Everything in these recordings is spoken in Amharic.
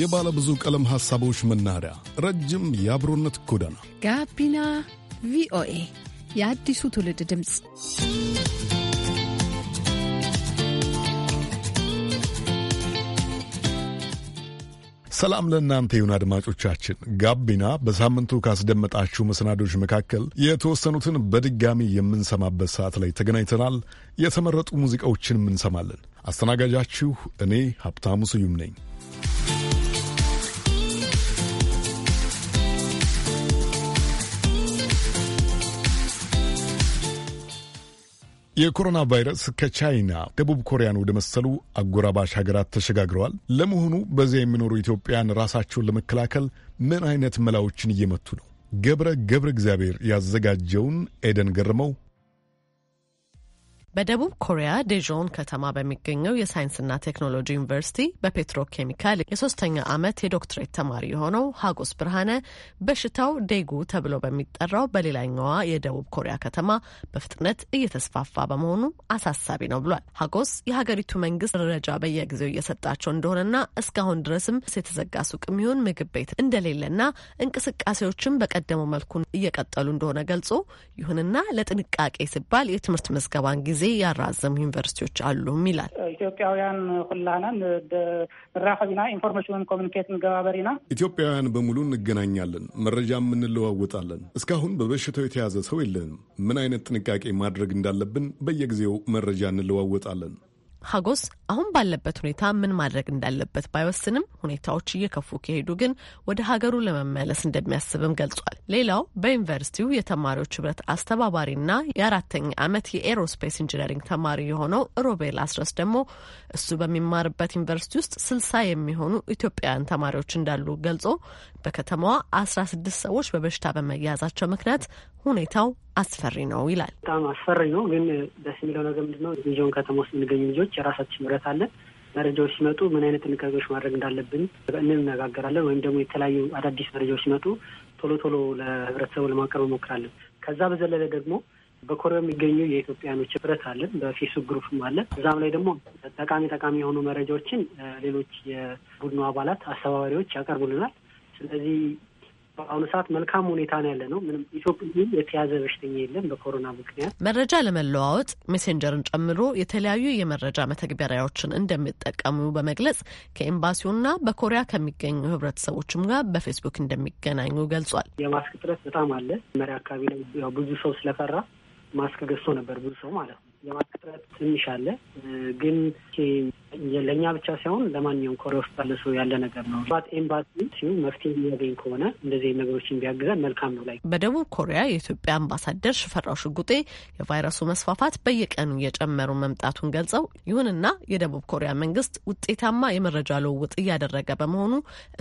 የባለ ብዙ ቀለም ሐሳቦች መናኸሪያ፣ ረጅም የአብሮነት ጎዳና ጋቢና ቪኦኤ የአዲሱ ትውልድ ድምፅ። ሰላም ለእናንተ ይሁን አድማጮቻችን። ጋቢና በሳምንቱ ካስደመጣችሁ መሰናዶች መካከል የተወሰኑትን በድጋሚ የምንሰማበት ሰዓት ላይ ተገናኝተናል። የተመረጡ ሙዚቃዎችን እንሰማለን። አስተናጋጃችሁ እኔ ሀብታሙ ስዩም ነኝ። የኮሮና ቫይረስ ከቻይና ደቡብ ኮሪያን ወደ መሰሉ አጎራባሽ ሀገራት ተሸጋግረዋል። ለመሆኑ በዚያ የሚኖሩ ኢትዮጵያን ራሳቸውን ለመከላከል ምን አይነት መላዎችን እየመቱ ነው? ገብረ ገብረ እግዚአብሔር ያዘጋጀውን ኤደን ገርመው በደቡብ ኮሪያ ዴጆን ከተማ በሚገኘው የሳይንስና ቴክኖሎጂ ዩኒቨርሲቲ በፔትሮኬሚካል የሶስተኛ ዓመት የዶክትሬት ተማሪ የሆነው ሀጎስ ብርሃነ በሽታው ዴጉ ተብሎ በሚጠራው በሌላኛዋ የደቡብ ኮሪያ ከተማ በፍጥነት እየተስፋፋ በመሆኑ አሳሳቢ ነው ብሏል። ሀጎስ የሀገሪቱ መንግስት ደረጃ በየጊዜው እየሰጣቸው እንደሆነና እስካሁን ድረስም የተዘጋ ሱቅ ምግብ ቤት እንደሌለና እንቅስቃሴዎችም በቀደመው መልኩ እየቀጠሉ እንደሆነ ገልጾ ይሁንና ለጥንቃቄ ሲባል የትምህርት ምዝገባን ጊዜ ያራዘሙ ዩኒቨርሲቲዎች አሉም ይላል። ኢትዮጵያውያን ሁላነን ራኸቢና ኢንፎርሜሽን ኮሚኒኬት ንገባበሪና ኢትዮጵያውያን በሙሉ እንገናኛለን፣ መረጃም እንለዋወጣለን። እስካሁን በበሽታው የተያዘ ሰው የለንም። ምን አይነት ጥንቃቄ ማድረግ እንዳለብን በየጊዜው መረጃ እንለዋወጣለን። ሀጎስ አሁን ባለበት ሁኔታ ምን ማድረግ እንዳለበት ባይወስንም ሁኔታዎች እየከፉ ከሄዱ ግን ወደ ሀገሩ ለመመለስ እንደሚያስብም ገልጿል። ሌላው በዩኒቨርሲቲው የተማሪዎች ህብረት አስተባባሪና የአራተኛ ዓመት የኤሮስፔስ ኢንጂነሪንግ ተማሪ የሆነው ሮቤል አስረስ ደግሞ እሱ በሚማርበት ዩኒቨርሲቲ ውስጥ ስልሳ የሚሆኑ ኢትዮጵያውያን ተማሪዎች እንዳሉ ገልጾ በከተማዋ አስራ ስድስት ሰዎች በበሽታ በመያዛቸው ምክንያት ሁኔታው አስፈሪ ነው ይላል። በጣም አስፈሪ ነው። ግን ደስ የሚለው ነገር ምንድነው? ሚዚዮን ከተማ ውስጥ የሚገኙ ልጆች የራሳችን ምረት አለን። መረጃዎች ሲመጡ ምን አይነት ጥንቃቄዎች ማድረግ እንዳለብን እንነጋገራለን። ወይም ደግሞ የተለያዩ አዳዲስ መረጃዎች ሲመጡ ቶሎ ቶሎ ለህብረተሰቡ ለማቅረብ እንሞክራለን። ከዛ በዘለለ ደግሞ በኮሪያ የሚገኙ የኢትዮጵያኖች ህብረት አለን። በፌስቡክ ግሩፕም አለ። እዛም ላይ ደግሞ ጠቃሚ ጠቃሚ የሆኑ መረጃዎችን ሌሎች የቡድኑ አባላት አስተባባሪዎች ያቀርቡልናል። ስለዚህ በአሁኑ ሰዓት መልካም ሁኔታ ነው ያለ ነው። ምንም ኢትዮጵያ የተያዘ በሽተኛ የለም በኮሮና ምክንያት። መረጃ ለመለዋወጥ ሜሴንጀርን ጨምሮ የተለያዩ የመረጃ መተግበሪያዎችን እንደሚጠቀሙ በመግለጽ ከኤምባሲውና በኮሪያ ከሚገኙ ህብረተሰቦችም ጋር በፌስቡክ እንደሚገናኙ ገልጿል። የማስክ ጥረት በጣም አለ። መሪ አካባቢ ላይ ያው ብዙ ሰው ስለፈራ ማስክ ገዝቶ ነበር ብዙ ሰው ማለት ነው። የማስክ ጥረት ትንሽ አለ ግን ለእኛ ብቻ ሳይሆን ለማንኛውም ኮሪያ ውስጥ ተልሶ ሰው ያለ ነገር ነው። ባት ኤምባሲ ሲሁ መፍትሄ የሚያገኝ ከሆነ እንደዚህ ነገሮችን ቢያግዘን መልካም ነው። ላይ በደቡብ ኮሪያ የኢትዮጵያ አምባሳደር ሽፈራው ሽጉጤ የቫይረሱ መስፋፋት በየቀኑ እየጨመሩ መምጣቱን ገልጸው፣ ይሁንና የደቡብ ኮሪያ መንግስት ውጤታማ የመረጃ ልውውጥ እያደረገ በመሆኑ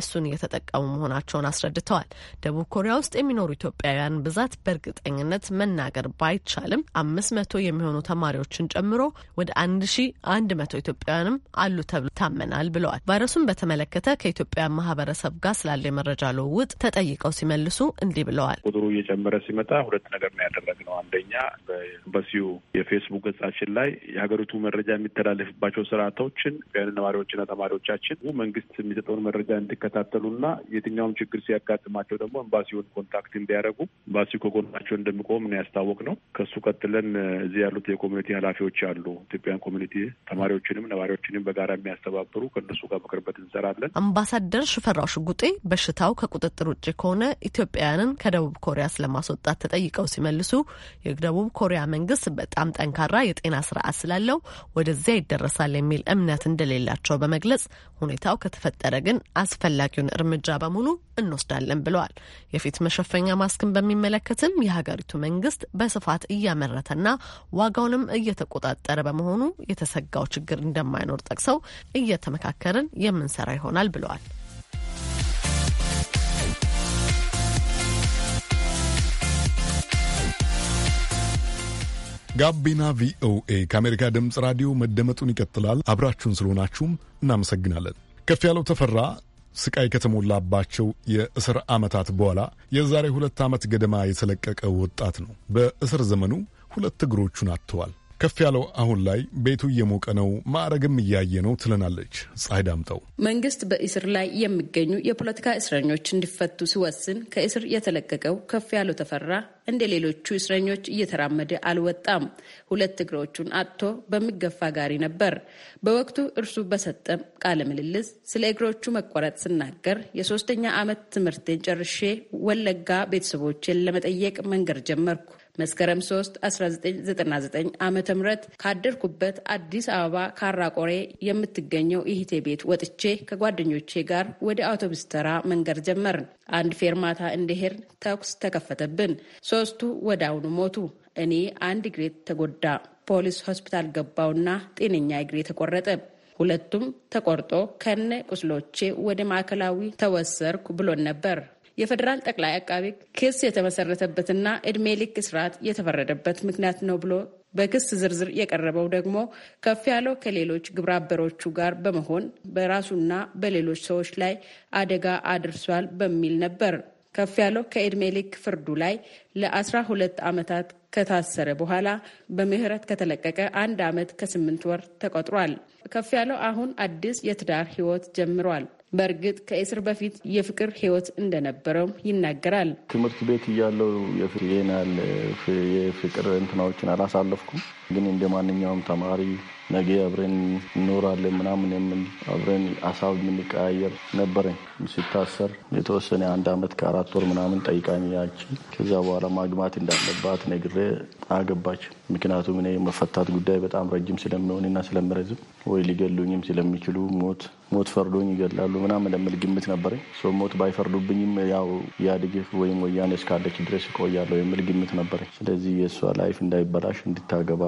እሱን እየተጠቀሙ መሆናቸውን አስረድተዋል። ደቡብ ኮሪያ ውስጥ የሚኖሩ ኢትዮጵያውያን ብዛት በእርግጠኝነት መናገር ባይቻልም አምስት መቶ የሚሆኑ ተማሪዎችን ጨምሮ ወደ አንድ ሺ አንድ መቶ ኢትዮጵያውያንም አሉ ተብሎ ይታመናል ብለዋል። ቫይረሱን በተመለከተ ከኢትዮጵያ ማህበረሰብ ጋር ስላለ የመረጃ ልውውጥ ተጠይቀው ሲመልሱ እንዲህ ብለዋል። ቁጥሩ እየጨመረ ሲመጣ ሁለት ነገር ነው ያደረግነው። አንደኛ በኤምባሲው የፌስቡክ ገጻችን ላይ የሀገሪቱ መረጃ የሚተላለፍባቸው ስርዓቶችን ያን ነዋሪዎችና ተማሪዎቻችን መንግስት የሚሰጠውን መረጃ እንዲከታተሉና የትኛውም ችግር ሲያጋጥማቸው ደግሞ ኤምባሲውን ኮንታክት እንዲያደርጉ ኤምባሲው ከጎናቸው እንደሚቆም ነው ያስታወቅ ነው። ከሱ ቀጥለን እዚህ ያሉት የኮሚኒቲ ኃላፊዎች አሉ ኢትዮጵያን ኮሚኒቲ ተማሪዎችንም ነዋሪዎች ስራዎችንም በጋራ የሚያስተባብሩ ከእነሱ ጋር በቅርበት እንሰራለን። አምባሳደር ሽፈራው ሽጉጤ በሽታው ከቁጥጥር ውጭ ከሆነ ኢትዮጵያውያንን ከደቡብ ኮሪያ ስለማስወጣት ተጠይቀው ሲመልሱ የደቡብ ኮሪያ መንግስት በጣም ጠንካራ የጤና ስርዓት ስላለው ወደዚያ ይደረሳል የሚል እምነት እንደሌላቸው በመግለጽ ሁኔታው ከተፈጠረ ግን አስፈላጊውን እርምጃ በሙሉ እንወስዳለን ብለዋል። የፊት መሸፈኛ ማስክን በሚመለከትም የሀገሪቱ መንግስት በስፋት እያመረተና ዋጋውንም እየተቆጣጠረ በመሆኑ የተሰጋው ችግር እንደማይኖር መኖር ጠቅሰው እየተመካከርን የምንሰራ ይሆናል ብለዋል። ጋቢና ቪኦኤ ከአሜሪካ ድምፅ ራዲዮ መደመጡን ይቀጥላል። አብራችሁን ስለሆናችሁም እናመሰግናለን። ከፍ ያለው ተፈራ ስቃይ ከተሞላባቸው የእስር ዓመታት በኋላ የዛሬ ሁለት ዓመት ገደማ የተለቀቀ ወጣት ነው። በእስር ዘመኑ ሁለት እግሮቹን አጥተዋል። ከፍ ያለው አሁን ላይ ቤቱ እየሞቀ ነው፣ ማዕረግም እያየ ነው ትለናለች ፀሐይ ዳምጠው። መንግስት በእስር ላይ የሚገኙ የፖለቲካ እስረኞች እንዲፈቱ ሲወስን ከእስር የተለቀቀው ከፍ ያለው ተፈራ እንደ ሌሎቹ እስረኞች እየተራመደ አልወጣም። ሁለት እግሮቹን አጥቶ በሚገፋ ጋሪ ነበር። በወቅቱ እርሱ በሰጠም ቃለ ምልልስ ስለ እግሮቹ መቆረጥ ሲናገር የሶስተኛ ዓመት ትምህርቴን ጨርሼ ወለጋ ቤተሰቦችን ለመጠየቅ መንገድ ጀመርኩ መስከረም 3 1999 ዓ ም ካደርኩበት አዲስ አበባ ካራቆሬ የምትገኘው ይህቴ ቤት ወጥቼ ከጓደኞቼ ጋር ወደ አውቶቡስ ተራ መንገድ ጀመርን። አንድ ፌርማታ እንደሄድ ተኩስ ተከፈተብን። ሶስቱ ወዳውኑ ሞቱ። እኔ አንድ እግሬ ተጎዳ። ፖሊስ ሆስፒታል ገባውና ጤነኛ እግሬ ተቆረጠ። ሁለቱም ተቆርጦ ከነ ቁስሎቼ ወደ ማዕከላዊ ተወሰርኩ ብሎን ነበር። የፌዴራል ጠቅላይ አቃቤ ክስ የተመሰረተበትና እድሜ ልክ እስራት የተፈረደበት ምክንያት ነው ብሎ በክስ ዝርዝር የቀረበው ደግሞ ከፍ ያለው ከሌሎች ግብረ ጋር በመሆን በራሱና በሌሎች ሰዎች ላይ አደጋ አድርሷል በሚል ነበር። ከፍ ያለው ከእድሜ ልክ ፍርዱ ላይ ለአስራ ሁለት ዓመታት ከታሰረ በኋላ በምህረት ከተለቀቀ አንድ ዓመት ከስምንት ወር ተቆጥሯል። ከፍ ያለው አሁን አዲስ የትዳር ህይወት ጀምሯል። በእርግጥ ከእስር በፊት የፍቅር ህይወት እንደነበረው ይናገራል። ትምህርት ቤት እያለው የፍቅር እንትናዎችን አላሳለፍኩም። ግን እንደ ማንኛውም ተማሪ ነገ አብረን እንኖራለን ምናምን የምል አብረን አሳብ የምንቀያየር ነበረኝ። ስታሰር የተወሰነ አንድ አመት ከአራት ወር ምናምን ጠይቃኝ ያቺ ከዛ በኋላ ማግማት እንዳለባት ነግሬ አገባች። ምክንያቱም እኔ መፈታት ጉዳይ በጣም ረጅም ስለሚሆንና ስለምረዝም ወይ ሊገሉኝም ስለሚችሉ ሞት ሞት ፈርዶኝ ይገላሉ ምናምን ለምል ግምት ነበረኝ። ሞት ባይፈርዱብኝም ያው ያድግ ወይም ወያኔ እስካለች ድረስ እቆያለሁ የምል ግምት ነበረኝ። ስለዚህ የእሷ ላይፍ እንዳይበላሽ እንድታገባ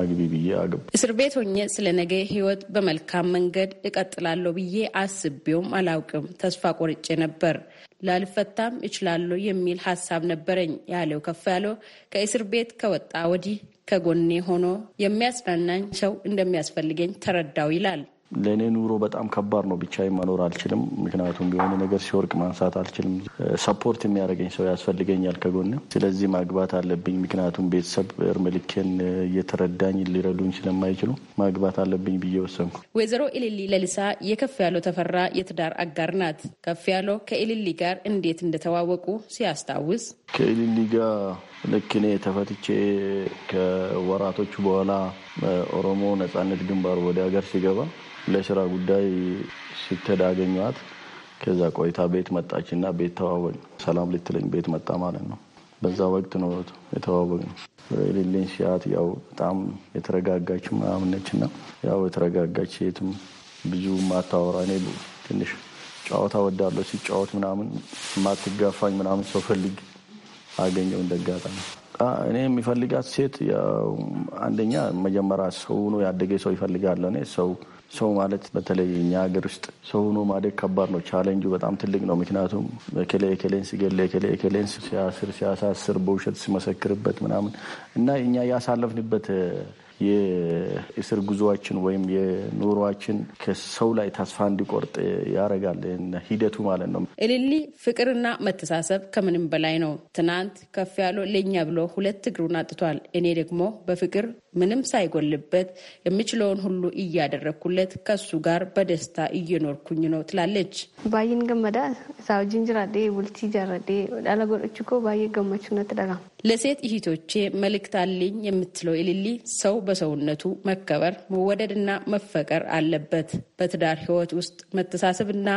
አግቢ ብዬ አገባ። እስር ቤት ሆኜ ስለ ነገ ህይወት በመልካም መንገድ እቀጥላለሁ ብዬ አስቤውም አላውቅም። ተስፋ ቆርጬ ነበር። ላልፈታም እችላለሁ የሚል ሀሳብ ነበረኝ ያለው ከፍ ያለው ከእስር ቤት ከወጣ ወዲህ ከጎኔ ሆኖ የሚያጽናናኝ ሰው እንደሚያስፈልገኝ ተረዳው ይላል። ለእኔ ኑሮ በጣም ከባድ ነው። ብቻዬን መኖር አልችልም። ምክንያቱም የሆነ ነገር ሲወርቅ ማንሳት አልችልም። ሰፖርት የሚያደርገኝ ሰው ያስፈልገኛል ከጎን። ስለዚህ ማግባት አለብኝ። ምክንያቱም ቤተሰብ እርምልኬን እየተረዳኝ ሊረዱኝ ስለማይችሉ ማግባት አለብኝ ብዬ ወሰንኩ። ወይዘሮ ኢሊሊ ለልሳ የከፍ ያለው ተፈራ የትዳር አጋር ናት። ከፍ ያለው ከኢሊሊ ጋር እንዴት እንደተዋወቁ ሲያስታውስ ከኢሊሊ ጋር ልክ እኔ ተፈትቼ ከወራቶቹ በኋላ ኦሮሞ ነጻነት ግንባር ወደ ሀገር ሲገባ ለስራ ጉዳይ ስትሄድ አገኘኋት። ከዛ ቆይታ ቤት መጣችና ቤት ተዋወቅ ሰላም ልትለኝ ቤት መጣ ማለት ነው። በዛ ወቅት ነው የተዋወቅ ነው። ሌለኝ ሲያት ያው በጣም የተረጋጋች ምናምን ነች እና ያው የተረጋጋች ሴትም ብዙ ማታወራ እኔ ትንሽ ጨዋታ ወዳለሁ ሲጫወት ምናምን ማትጋፋኝ ምናምን ሰው ፈልግ አገኘው እንደጋጣሚ እኔ የሚፈልጋት ሴት ያው አንደኛ መጀመሪያ ሰው ነው ያደገ ሰው ይፈልጋለሁ። እኔ ሰው ሰው ማለት በተለይ እኛ ሀገር ውስጥ ሰው ሆኖ ማደግ ከባድ ነው። ቻሌንጁ በጣም ትልቅ ነው። ምክንያቱም እከሌ እከሌን ሲገል እከሌ እከሌን ሲያስር ሲያሳስር በውሸት ሲመሰክርበት ምናምን እና እኛ ያሳለፍንበት የእስር ጉዞዋችን ወይም የኑሯችን ከሰው ላይ ተስፋ እንዲቆርጥ ያደርጋል ሂደቱ ማለት ነው። እልሊ ፍቅርና መተሳሰብ ከምንም በላይ ነው። ትናንት ከፍ ያለው ለእኛ ብሎ ሁለት እግሩን አጥቷል። እኔ ደግሞ በፍቅር ምንም ሳይጎልበት የምችለውን ሁሉ እያደረግኩለት ከሱ ጋር በደስታ እየኖርኩኝ ነው ትላለች። ባይን ገመዳ ሳውጅንጅራዴ ቡልቲ ጃረዴ ዳለጎዶች ኮ ባየ ገመቹነት ደጋ ለሴት እህቶቼ መልእክት አለኝ የምትለው ኤሊሊ ሰው በሰውነቱ መከበር መወደድና መፈቀር አለበት። በትዳር ህይወት ውስጥ መተሳሰብና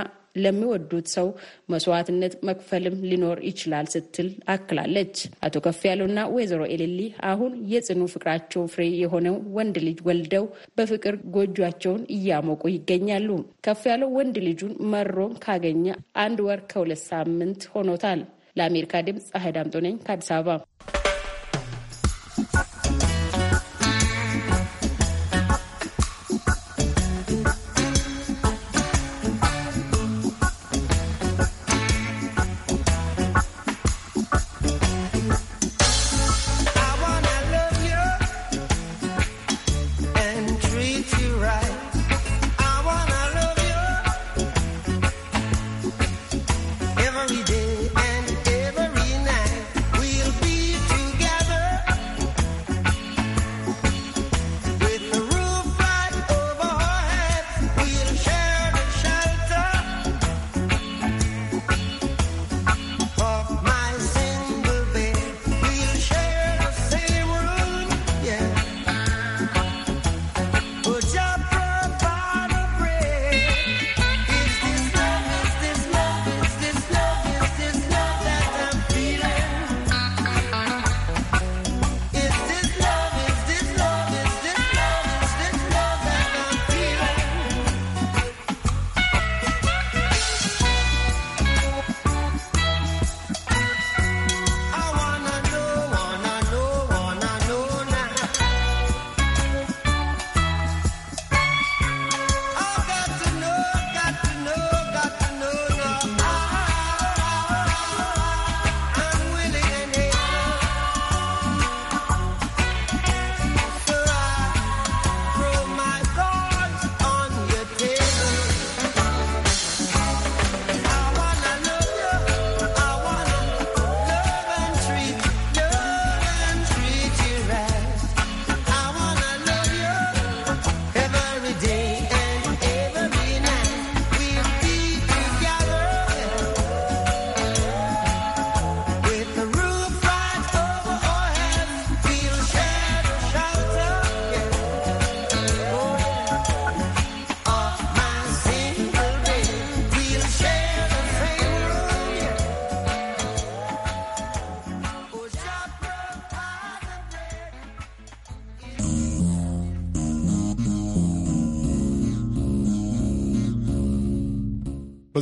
ለሚወዱት ሰው መስዋዕትነት መክፈልም ሊኖር ይችላል ስትል አክላለች። አቶ ከፍ ያሉና ወይዘሮ ኤሌሊ አሁን የጽኑ ፍቅራቸው ፍሬ የሆነው ወንድ ልጅ ወልደው በፍቅር ጎጇቸውን እያሞቁ ይገኛሉ። ከፍ ያለው ወንድ ልጁን መሮን ካገኘ አንድ ወር ከሁለት ሳምንት ሆኖታል። ለአሜሪካ ድምፅ ፀሐይ ዳምጦ ነኝ ከአዲስ አበባ።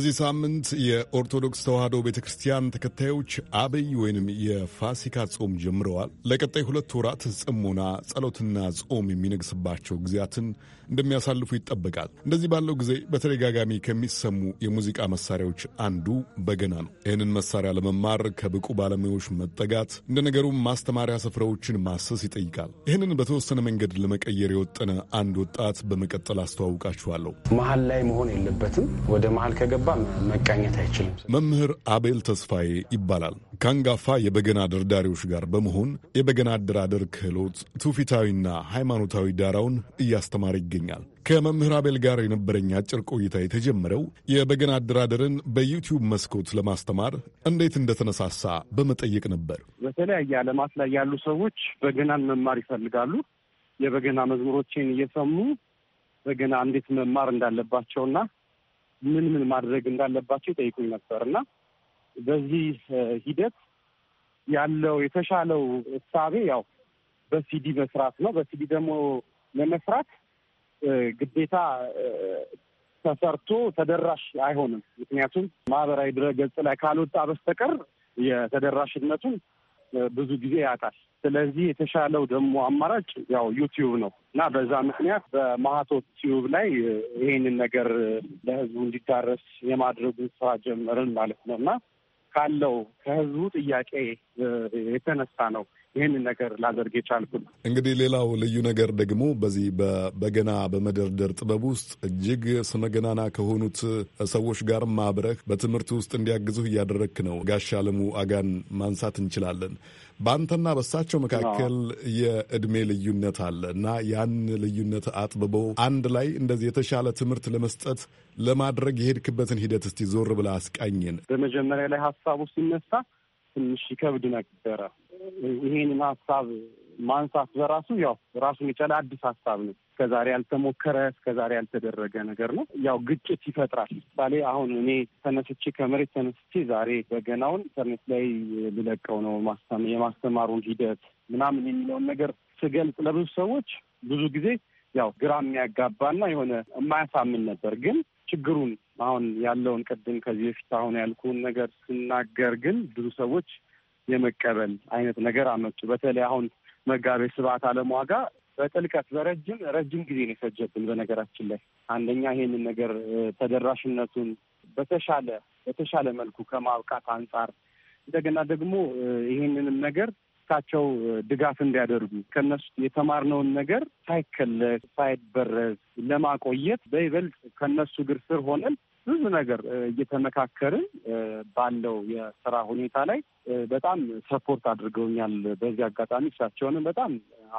በዚህ ሳምንት የኦርቶዶክስ ተዋሕዶ ቤተ ክርስቲያን ተከታዮች አብይ ወይንም የፋሲካ ጾም ጀምረዋል። ለቀጣይ ሁለት ወራት ጽሞና ጸሎትና ጾም የሚነግስባቸው ጊዜያትን እንደሚያሳልፉ ይጠበቃል። እንደዚህ ባለው ጊዜ በተደጋጋሚ ከሚሰሙ የሙዚቃ መሳሪያዎች አንዱ በገና ነው። ይህንን መሳሪያ ለመማር ከብቁ ባለሙያዎች መጠጋት፣ እንደ ነገሩም ማስተማሪያ ስፍራዎችን ማሰስ ይጠይቃል። ይህንን በተወሰነ መንገድ ለመቀየር የወጠነ አንድ ወጣት በመቀጠል አስተዋውቃችኋለሁ። መሀል ላይ መሆን የለበትም። ወደ መሀል ከገባ መቃኘት አይችልም። መምህር አቤል ተስፋዬ ይባላል። ከአንጋፋ የበገና ደርዳሪዎች ጋር በመሆን የበገና አደራደር ክህሎት ትውፊታዊና ሃይማኖታዊ ዳራውን እያስተማረ ይገኛል። ይገኛል። ከመምህር አቤል ጋር የነበረኝ አጭር ቆይታ የተጀመረው የበገና አደራደርን በዩቲዩብ መስኮት ለማስተማር እንዴት እንደተነሳሳ በመጠየቅ ነበር። በተለያየ ዓለማት ላይ ያሉ ሰዎች በገናን መማር ይፈልጋሉ። የበገና መዝሙሮችን እየሰሙ በገና እንዴት መማር እንዳለባቸውና ምን ምን ማድረግ እንዳለባቸው ይጠይቁኝ ነበር እና በዚህ ሂደት ያለው የተሻለው እሳቤ ያው በሲዲ መስራት ነው። በሲዲ ደግሞ ለመስራት ግዴታ ተሰርቶ ተደራሽ አይሆንም። ምክንያቱም ማህበራዊ ድረገጽ ላይ ካልወጣ በስተቀር የተደራሽነቱን ብዙ ጊዜ ያጣል። ስለዚህ የተሻለው ደግሞ አማራጭ ያው ዩቲዩብ ነው እና በዛ ምክንያት በማህቶ ቲዩብ ላይ ይሄንን ነገር ለህዝቡ እንዲዳረስ የማድረጉ ስራ ጀመርን ማለት ነው እና ካለው ከህዝቡ ጥያቄ የተነሳ ነው ይህንን ነገር ላደርግ የቻልኩት። እንግዲህ ሌላው ልዩ ነገር ደግሞ በዚህ በገና በመደርደር ጥበብ ውስጥ እጅግ ስመገናና ከሆኑት ሰዎች ጋር ማብረህ በትምህርት ውስጥ እንዲያግዙህ እያደረግክ ነው። ጋሻ አለሙ አጋን ማንሳት እንችላለን። በአንተና በሳቸው መካከል የእድሜ ልዩነት አለ እና ያን ልዩነት አጥብበው አንድ ላይ እንደዚህ የተሻለ ትምህርት ለመስጠት ለማድረግ የሄድክበትን ሂደት እስቲ ዞር ብላ አስቃኝን። በመጀመሪያ ላይ ሀሳቡ ሲነሳ ትንሽ ይከብድ ነበረ ይሄንን ሀሳብ ማንሳት በራሱ ያው ራሱን የቻለ አዲስ ሀሳብ ነው። እስከዛሬ ያልተሞከረ እስከዛሬ ያልተደረገ ነገር ነው። ያው ግጭት ይፈጥራል። ምሳሌ አሁን እኔ ተነስቼ ከመሬት ተነስቼ ዛሬ በገናውን ኢንተርኔት ላይ ልለቀው ነው የማስተማሩን ሂደት ምናምን የሚለውን ነገር ስገልጽ ለብዙ ሰዎች ብዙ ጊዜ ያው ግራ የሚያጋባና የሆነ የማያሳምን ነበር ግን ችግሩን አሁን ያለውን ቅድም ከዚህ በፊት አሁን ያልኩን ነገር ስናገር ግን ብዙ ሰዎች የመቀበል አይነት ነገር አመጡ። በተለይ አሁን መጋቤ ስብዓት አለማዋ በጥልቀት በረጅም ረጅም ጊዜ ነው የፈጀብን። በነገራችን ላይ አንደኛ ይሄንን ነገር ተደራሽነቱን በተሻለ በተሻለ መልኩ ከማብቃት አንጻር እንደገና ደግሞ ይሄንንም ነገር እሳቸው ድጋፍ እንዲያደርጉ ከነሱ የተማርነውን ነገር ሳይከለስ ሳይበረዝ ለማቆየት በይበልጥ ከነሱ እግር ስር ሆነን ብዙ ነገር እየተመካከርን ባለው የስራ ሁኔታ ላይ በጣም ሰፖርት አድርገውኛል። በዚህ አጋጣሚ እሳቸውንም በጣም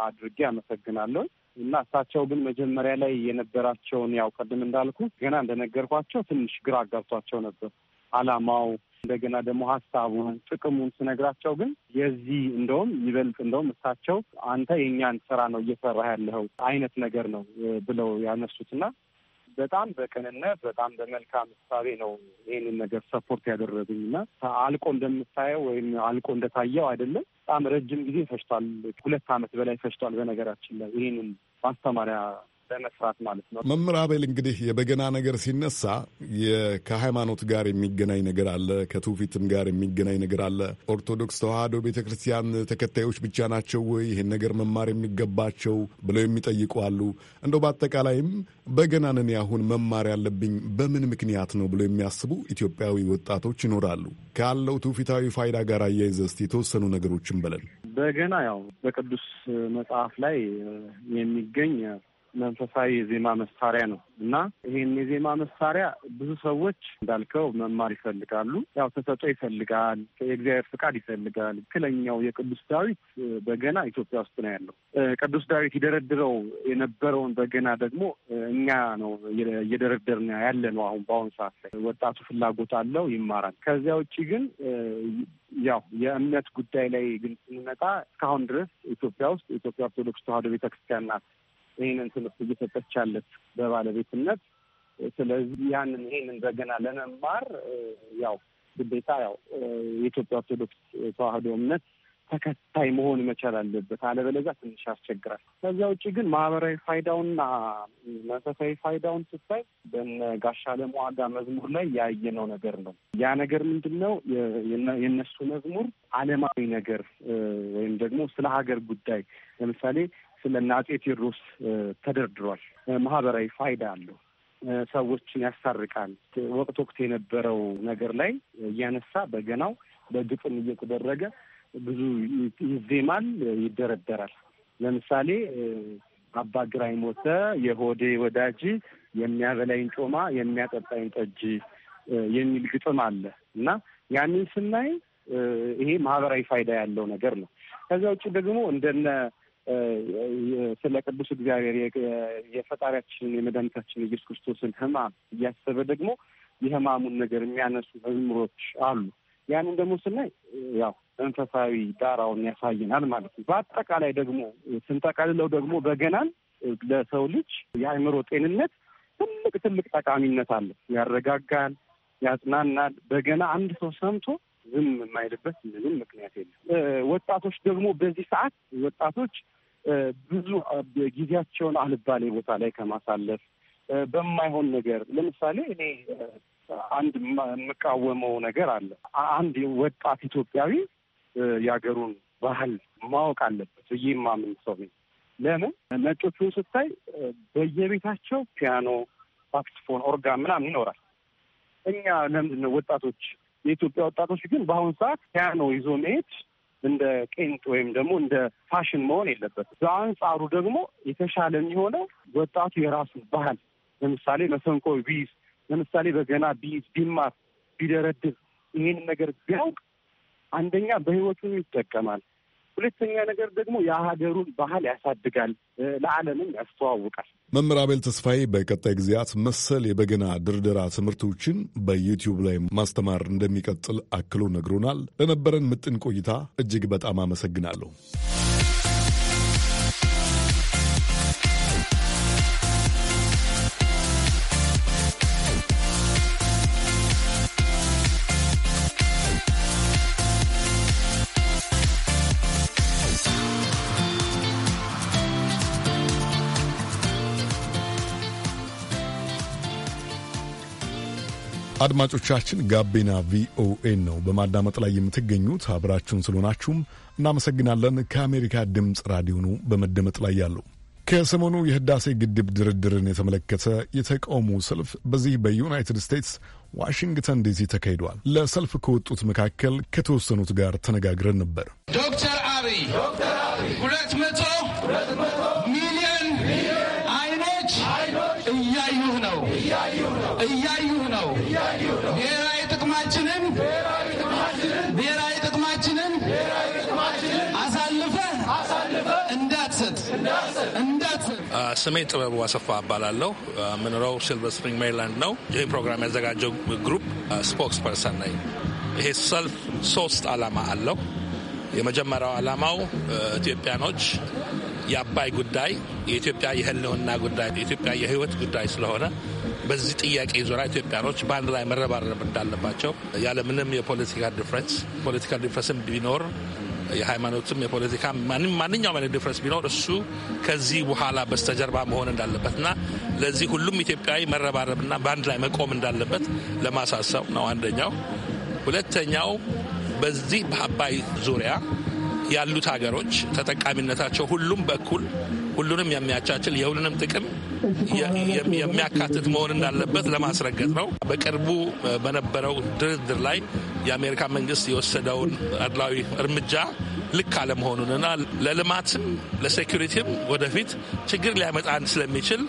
አድርጌ አመሰግናለሁ። እና እሳቸው ግን መጀመሪያ ላይ የነበራቸውን ያው ቀድም እንዳልኩ ገና እንደነገርኳቸው ትንሽ ግራ አጋብቷቸው ነበር አላማው እንደገና ደግሞ ሀሳቡን ጥቅሙን ስነግራቸው ግን የዚህ እንደውም ይበልጥ እንደውም እሳቸው አንተ የእኛን ስራ ነው እየሰራ ያለው አይነት ነገር ነው ብለው ያነሱትና በጣም በቅንነት በጣም በመልካም እሳቤ ነው ይህንን ነገር ሰፖርት ያደረጉኝ እና አልቆ እንደምታየው ወይም አልቆ እንደታየው አይደለም። በጣም ረጅም ጊዜ ፈጅቷል። ሁለት ዓመት በላይ ፈጅቷል። በነገራችን ላይ ይህንን ማስተማሪያ ለመስራት ማለት ነው። መምህር አቤል እንግዲህ የበገና ነገር ሲነሳ ከሃይማኖት ጋር የሚገናኝ ነገር አለ፣ ከትውፊትም ጋር የሚገናኝ ነገር አለ። ኦርቶዶክስ ተዋህዶ ቤተ ክርስቲያን ተከታዮች ብቻ ናቸው ወይ ይህን ነገር መማር የሚገባቸው ብለው የሚጠይቁ አሉ። እንደው በአጠቃላይም በገናንን ያሁን መማር ያለብኝ በምን ምክንያት ነው ብለው የሚያስቡ ኢትዮጵያዊ ወጣቶች ይኖራሉ። ካለው ትውፊታዊ ፋይዳ ጋር አያይዘ የተወሰኑ ነገሮችን በለን። በገና ያው በቅዱስ መጽሐፍ ላይ የሚገኝ መንፈሳዊ የዜማ መሳሪያ ነው እና ይህን የዜማ መሳሪያ ብዙ ሰዎች እንዳልከው መማር ይፈልጋሉ። ያው ተሰጦ ይፈልጋል፣ የእግዚአብሔር ፍቃድ ይፈልጋል። ትክክለኛው የቅዱስ ዳዊት በገና ኢትዮጵያ ውስጥ ነው ያለው። ቅዱስ ዳዊት ይደረድረው የነበረውን በገና ደግሞ እኛ ነው እየደረደር ያለ ነው አሁን በአሁኑ ሰዓት ላይ ወጣቱ ፍላጎት አለው ይማራል። ከዚያ ውጭ ግን ያው የእምነት ጉዳይ ላይ ግን ስንመጣ እስካሁን ድረስ ኢትዮጵያ ውስጥ የኢትዮጵያ ኦርቶዶክስ ተዋህዶ ቤተክርስቲያን ናት ይህንን ትምህርት እየሰጠች በባለቤትነት። ስለዚህ ያንን ይህንን በገና ለመማር ያው ግዴታ ያው የኢትዮጵያ ኦርቶዶክስ ተዋህዶ እምነት ተከታይ መሆን መቻል አለበት። አለበለዚያ ትንሽ ያስቸግራል። ከዚያ ውጭ ግን ማህበራዊ ፋይዳውንና መንፈሳዊ ፋይዳውን ስታይ በነ ጋሻ ዋጋ መዝሙር ላይ ያየነው ነገር ነው። ያ ነገር ምንድን ነው? የእነሱ መዝሙር አለማዊ ነገር ወይም ደግሞ ስለ ሀገር ጉዳይ ለምሳሌ ስለ እነ አጼ ቴዎድሮስ ተደርድሯል። ማህበራዊ ፋይዳ አለው። ሰዎችን ያስታርቃል። ወቅት ወቅት የነበረው ነገር ላይ እያነሳ በገናው በግጥም እየተደረገ ብዙ ይዜማል፣ ይደረደራል። ለምሳሌ አባ ግራኝ ሞተ የሆዴ ወዳጅ የሚያበላይን ጮማ የሚያጠጣይን ጠጅ የሚል ግጥም አለ እና ያንን ስናይ ይሄ ማህበራዊ ፋይዳ ያለው ነገር ነው። ከዚያ ውጭ ደግሞ እንደነ ስለ ቅዱስ እግዚአብሔር የፈጣሪያችንን የመድኃኒታችን ኢየሱስ ክርስቶስን ሕማም እያሰበ ደግሞ የሕማሙን ነገር የሚያነሱ መዝሙሮች አሉ። ያንን ደግሞ ስናይ ያው መንፈሳዊ ዳራውን ያሳየናል ማለት ነው። በአጠቃላይ ደግሞ ስንጠቀልለው ደግሞ በገናን ለሰው ልጅ የአእምሮ ጤንነት ትልቅ ትልቅ ጠቃሚነት አለው። ያረጋጋል፣ ያጽናናል። በገና አንድ ሰው ሰምቶ ዝም የማይልበት ምንም ምክንያት የለም። ወጣቶች ደግሞ በዚህ ሰዓት ወጣቶች ብዙ ጊዜያቸውን አልባሌ ቦታ ላይ ከማሳለፍ በማይሆን ነገር ለምሳሌ እኔ አንድ የምቃወመው ነገር አለ። አንድ ወጣት ኢትዮጵያዊ የሀገሩን ባህል ማወቅ አለበት ብዬ የማምን ሰው ነኝ። ለምን ነጮቹን ስታይ በየቤታቸው ፒያኖ፣ ሳክስፎን፣ ኦርጋን ምናምን ይኖራል። እኛ ለምንድን ነው ወጣቶች የኢትዮጵያ ወጣቶች ግን በአሁኑ ሰዓት ፒያኖ ይዞ መሄድ እንደ ቄንጥ ወይም ደግሞ እንደ ፋሽን መሆን የለበትም። በአንጻሩ ደግሞ የተሻለ የሚሆነው ወጣቱ የራሱ ባህል ለምሳሌ መሰንቆ ቢይዝ፣ ለምሳሌ በገና ቢይዝ፣ ቢማር፣ ቢደረድር ይሄን ነገር ቢያውቅ አንደኛ በህይወቱ ይጠቀማል። ሁለተኛ ነገር ደግሞ የሀገሩን ባህል ያሳድጋል፣ ለዓለምም ያስተዋውቃል። መምህር አቤል ተስፋዬ በቀጣይ ጊዜያት መሰል የበገና ድርደራ ትምህርቶችን በዩቲዩብ ላይ ማስተማር እንደሚቀጥል አክሎ ነግሮናል። ለነበረን ምጥን ቆይታ እጅግ በጣም አመሰግናለሁ። አድማጮቻችን ጋቢና ቪኦኤን ነው በማዳመጥ ላይ የምትገኙት። አብራችሁን ስለሆናችሁም እናመሰግናለን። ከአሜሪካ ድምፅ ራዲዮኑ በመደመጥ ላይ ያለው። ከሰሞኑ የህዳሴ ግድብ ድርድርን የተመለከተ የተቃውሞ ሰልፍ በዚህ በዩናይትድ ስቴትስ ዋሽንግተን ዲሲ ተካሂዷል። ለሰልፍ ከወጡት መካከል ከተወሰኑት ጋር ተነጋግረን ነበር። ዶክተር አብይ ሁለት መቶ እያዩ ነው። ብሔራዊ ጥቅማችንን ብሔራዊ ጥቅማችንን አሳልፈ እንዳትሰጥ እንዳትሰጥ። ስሜ ጥበቡ አሰፋ እባላለሁ። ምኖረው ሲልቨር ስፕሪንግ ሜሪላንድ ነው። ይህ ፕሮግራም ያዘጋጀው ግሩፕ ስፖክስ ፐርሰን ነኝ። ይሄ ሰልፍ ሶስት ዓላማ አለው። የመጀመሪያው ዓላማው ኢትዮጵያኖች የአባይ ጉዳይ የኢትዮጵያ የህልውና ጉዳይ የኢትዮጵያ የህይወት ጉዳይ ስለሆነ በዚህ ጥያቄ ዙሪያ ኢትዮጵያኖች በአንድ ላይ መረባረብ እንዳለባቸው ያለምንም የፖለቲካ ዲፍረንስ ፖለቲካ ዲፍረንስም ቢኖር የሃይማኖትም የፖለቲካ ማንኛውም አይነት ዲፍረንስ ቢኖር እሱ ከዚህ በኋላ በስተጀርባ መሆን እንዳለበትና ለዚህ ሁሉም ኢትዮጵያዊ መረባረብና በአንድ ላይ መቆም እንዳለበት ለማሳሰብ ነው አንደኛው። ሁለተኛው በዚህ በአባይ ዙሪያ ያሉት ሀገሮች ተጠቃሚነታቸው ሁሉም በኩል ሁሉንም የሚያቻችል የሁሉንም ጥቅም የሚያካትት መሆን እንዳለበት ለማስረገጥ ነው። በቅርቡ በነበረው ድርድር ላይ የአሜሪካ መንግስት የወሰደውን አድላዊ እርምጃ ልክ አለመሆኑንና ለልማትም ለሴኩሪቲም ወደፊት ችግር ሊያመጣን ስለሚችል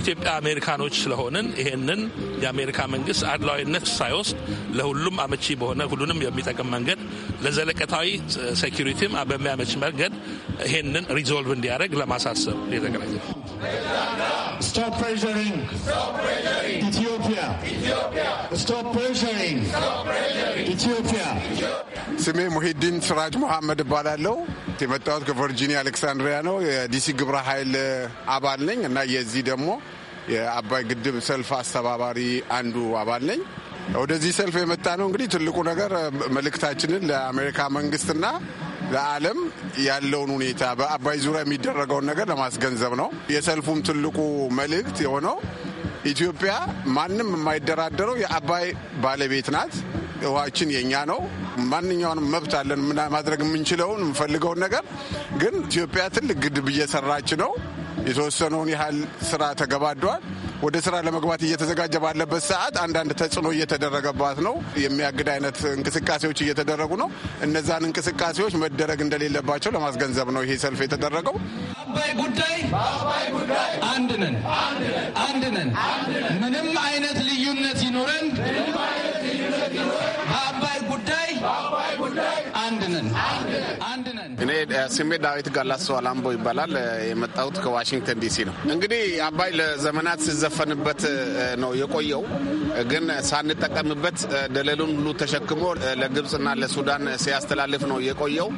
ኢትዮጵያ አሜሪካኖች ስለሆንን ይሄንን የአሜሪካ መንግስት አድላዊነት ሳይወስድ ለሁሉም አመቺ በሆነ ሁሉንም የሚጠቅም መንገድ ለዘለቀታዊ ሴኩሪቲም በሚያመች መንገድ ይሄንን ሪዞልቭ እንዲያደርግ ለማሳሰብ ነው። Stop pressuring. Stop pressuring. Ethiopia. Ethiopia. Stop pressuring. Stop pressuring. Ethiopia. ስሜ ሙሂዲን ስራጅ መሐመድ እባላለሁ። የመጣሁት ከቨርጂኒያ አሌክሳንድሪያ ነው። የዲሲ ግብረ ኃይል አባል ነኝ እና የዚህ ደግሞ የአባይ ግድብ ሰልፍ አስተባባሪ አንዱ አባል ነኝ። ወደዚህ ሰልፍ የመጣ ነው እንግዲህ ትልቁ ነገር መልእክታችንን ለአሜሪካ መንግስትና ለዓለም ያለውን ሁኔታ በአባይ ዙሪያ የሚደረገውን ነገር ለማስገንዘብ ነው። የሰልፉም ትልቁ መልእክት የሆነው ኢትዮጵያ ማንም የማይደራደረው የአባይ ባለቤት ናት። ውሃችን የኛ ነው። ማንኛውንም መብት አለን ማድረግ የምንችለውን የምፈልገውን ነገር። ግን ኢትዮጵያ ትልቅ ግድብ እየሰራች ነው። የተወሰነውን ያህል ስራ ተገባዷል። ወደ ስራ ለመግባት እየተዘጋጀ ባለበት ሰዓት አንዳንድ ተጽዕኖ እየተደረገባት ነው። የሚያግድ አይነት እንቅስቃሴዎች እየተደረጉ ነው። እነዛን እንቅስቃሴዎች መደረግ እንደሌለባቸው ለማስገንዘብ ነው ይሄ ሰልፍ የተደረገው። አባይ ጉዳይ አንድ ነን፣ አንድ ነን። ምንም አይነት ልዩነት ይኖረን በአባይ ጉዳይ እኔ ስሜ ዳዊት ጋላሶ አላምቦ ይባላል። የመጣሁት ከዋሽንግተን ዲሲ ነው። እንግዲህ አባይ ለዘመናት ሲዘፈንበት ነው የቆየው፣ ግን ሳንጠቀምበት ደለሉን ሁሉ ተሸክሞ ለግብፅና ለሱዳን ሲያስተላልፍ ነው የቆየው።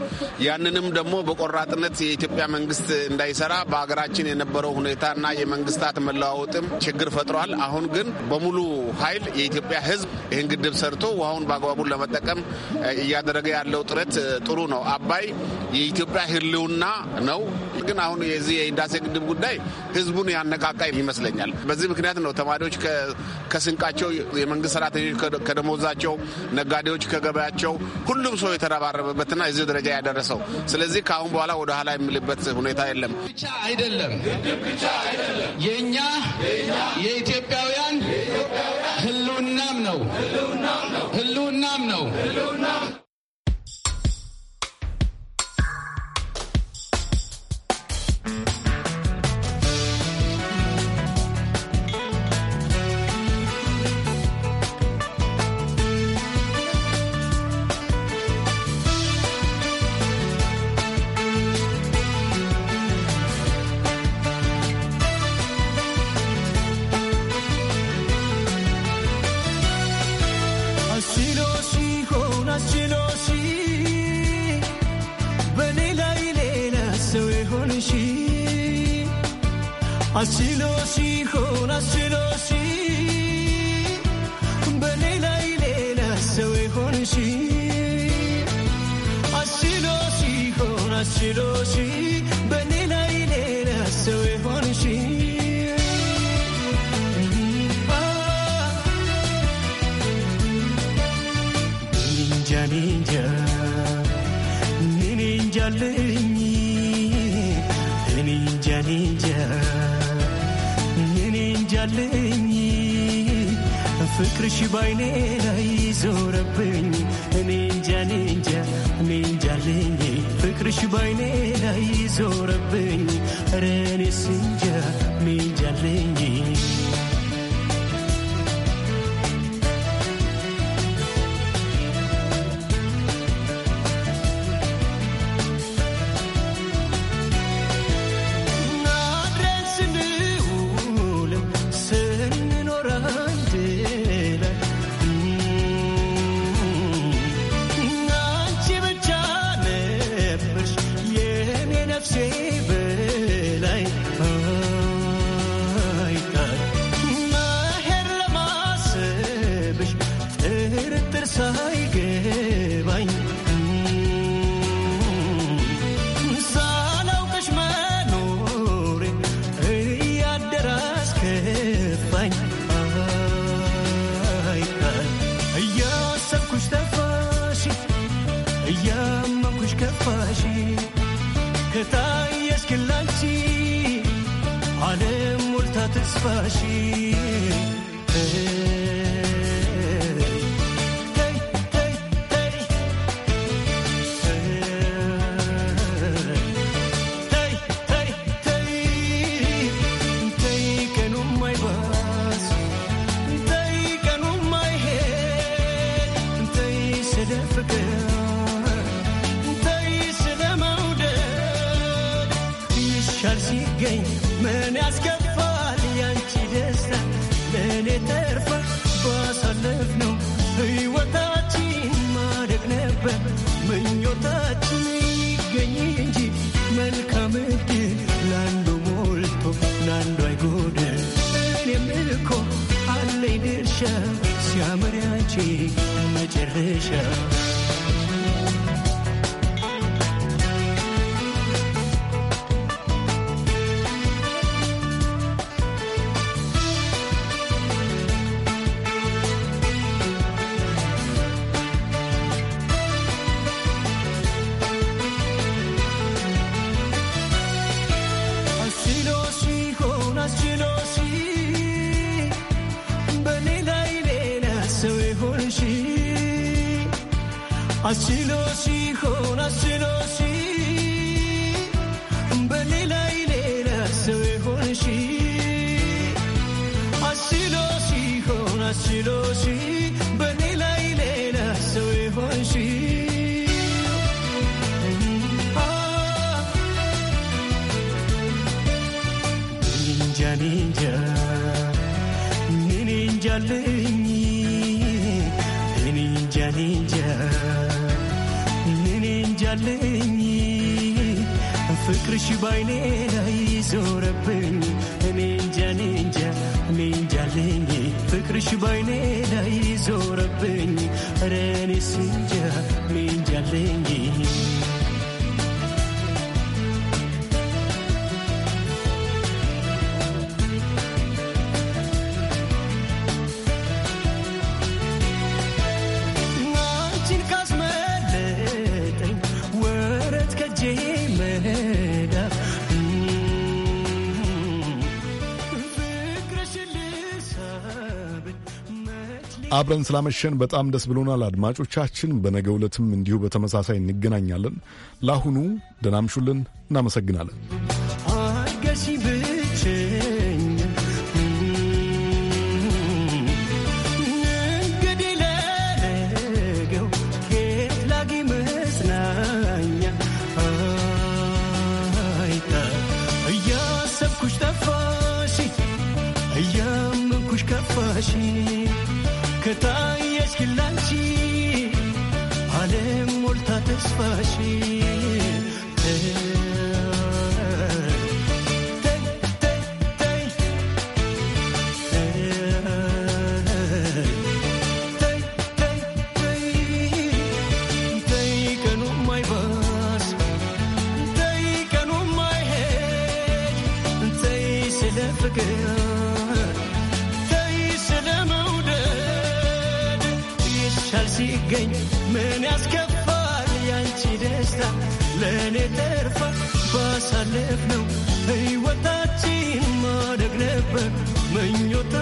ያንንም ደግሞ በቆራጥነት የኢትዮጵያ መንግስት እንዳይሰራ በሀገራችን የነበረው ሁኔታና የመንግስታት መለዋወጥም ችግር ፈጥሯል። አሁን ግን በሙሉ ኃይል የኢትዮጵያ ህዝብ ይህን ግድብ ሰርቶ ውሃውን በአግባቡን ለመጠቀም እያደረገ ያለው ጥረት ጥሩ ነው። አባይ የኢትዮጵያ ሕልውና ነው። ግን አሁን የዚህ የህዳሴ ግድብ ጉዳይ ህዝቡን ያነቃቃ ይመስለኛል። በዚህ ምክንያት ነው ተማሪዎች ከስንቃቸው፣ የመንግስት ሰራተኞች ከደሞዛቸው፣ ነጋዴዎች ከገበያቸው፣ ሁሉም ሰው የተረባረበበትና እዚህ ደረጃ ያደረሰው። ስለዚህ ከአሁን በኋላ ወደ ኋላ የሚልበት ሁኔታ የለም። ብቻ አይደለም የእኛ የኢትዮጵያውያን ህልውናም ነው። ህልውናም ነው። ህልውናም ነው። నేనేంజ నేనేంజ లేని నేనేంజ నేంజ నేనేంజ లేని ፍቅርሽ ባይኔ ላይ ዞረብኝ እኔንጃ ኔንጃ ኔንጃ ለኝ ፍቅርሽ ባይኔ ላይ ዞረብኝ ረኔስንጃ ኔንጃ ለኝ fășii pleasure. አይኔ ላይ ዞረብኝ እኔ እንጃ እኔ እንጃ እኔ እንጃ ፍቅርሽ ባይኔ አብረን ስላመሸን በጣም ደስ ብሎናል። አድማጮቻችን፣ በነገ ዕለትም እንዲሁ በተመሳሳይ እንገናኛለን። ለአሁኑ ደናምሹልን እናመሰግናለን። ከታየሽ ክላንቺ ዓለም ሞልታ ተስፋሽ canhoto